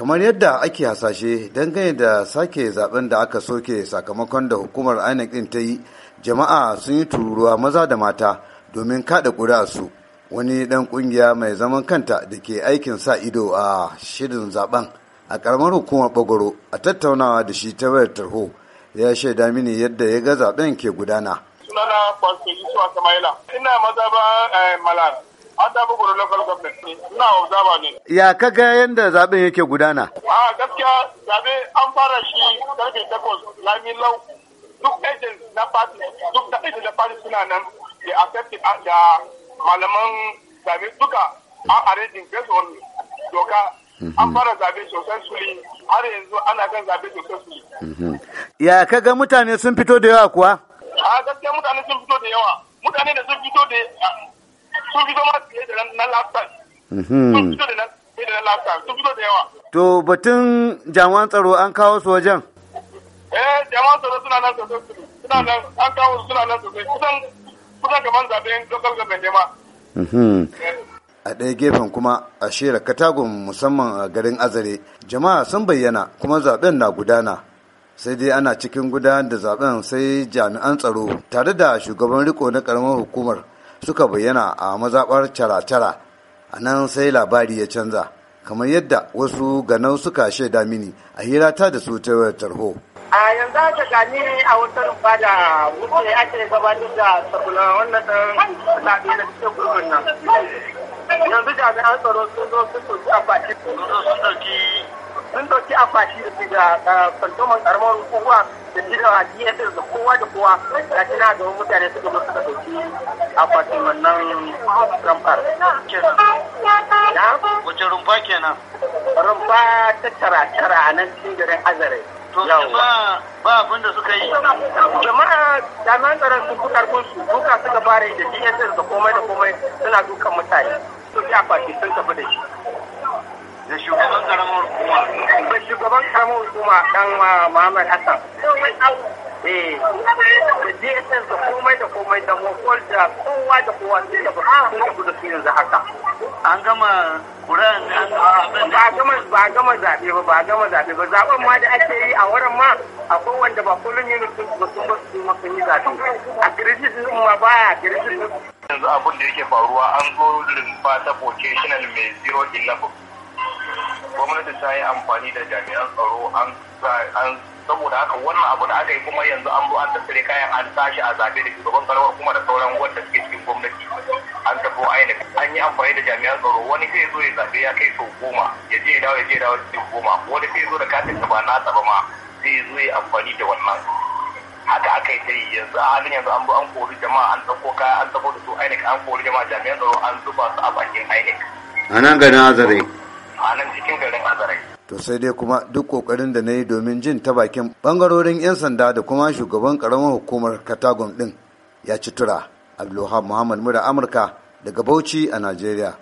kamar yadda ake hasashe dangane da sake zaben da aka soke sakamakon da hukumar inec din ta yi jama'a sun yi tururuwa maza da mata domin kada su wani dan kungiya mai zaman kanta da ke aikin sa ido a shirin zaben a karamar hukumar bagoro a tattaunawa da shi ta wayar tarho ya shaida mini yadda ya ga zaben ke gudana ina maza eh, malar mata bugoro local government ina observer ne ya kaga yadda zaben yake gudana a gaskiya zabe an fara shi karfe takwas lami lau duk agents na party duk da agents na party suna nan da accepted ah, da malaman zabe duka an arranging based on doka mhm. an fara zabe successfully har yanzu ana kan zabe successfully mhm. ya kaga mutane sun fito da yawa kuwa a gaskiya mutane sun fito da yawa mutane da sun fito da sun fito ma fiye da na last sun fito da na fiye da da yawa to batun jaman tsaro an kawo su wajen eh jaman tsaro suna nan sosai suna nan an kawo su suna nan sosai kusan kusan kamar zaben local government ne ma mhm. eh. a ɗaya gefen kuma a shera katagun musamman a garin azare jama'a sun bayyana kuma zaben na gudana sai dai ana cikin gudanar da zaben sai jami'an tsaro tare da shugaban riko na ƙaramar hukumar suka bayyana a mazaɓar cara a nan sai labari ya canza kamar yadda wasu ganau suka shaida mini a hirata da su ta tarho. a yanzu ta gani a wata rumfa da mutane ake gabatar da sabula wannan ɗan labi na cikin gurbin nan yanzu jami'an tsaro sun zo sun ɗauki akwatin sun zo sun sun a fashi da su da fantoman karamar kowa da shi da DSS da kowa da kowa ga shi na gaban mutane suka zo suka a fashi wannan rumfar. Wace rumfa kenan? Rumfa ta tara-tara a nan cikin garin Azare. To ba abin da suka yi. Jama'a jami'an tsaron sun fi karfin su duka suka fara da DSS da komai da komai suna dukan mutane. Sun fi akwati sun tafi da shi. da shugaban karamar hukuma da shugaban karamar hukuma dan ah, Muhammad Hassan eh. da DSS da komai da komai da mokol da kowa da kowa sun da sun da kudu filin za haka an gama kuran an gama ba gama ba ba gama zaɓe ba zaɓen ma da ake yi a wurin ma akwai wanda ba kullum yin sun ba sun ba su ma sun yi zabe a kirji sun ma baya kirji yanzu abin da yake faruwa an zo rumfa ta vocational mai 011 gwamnati ta yi amfani da jami'an tsaro an saboda haka wannan abu da aka yi kuma yanzu an zo an tattare kayan an tashi a zabe da shugaban karawar kuma da sauran wanda suke cikin gwamnati an tafi aina an yi amfani da jami'an tsaro wani sai zo ya zabe ya kai sau goma ya je ya dawo ya je ya dawo cikin goma wani sai zo da katin da ba na tsaba ma sai zo ya amfani da wannan haka aka yi ta yi yanzu a halin yanzu an zo an kori jama'a an ɗauko kaya an ɗauko da su ainih an kori jama'a jami'an tsaro an zuba su a bakin ainih. a nan azare. cikin garin Azare. To sai dai kuma duk kokarin da na yi domin jin ta bakin bangarorin 'yan sanda da kuma shugaban karamar hukumar katagon din ya ci tura. Abdulwahab Muhammad Mura Amurka daga Bauchi a Najeriya.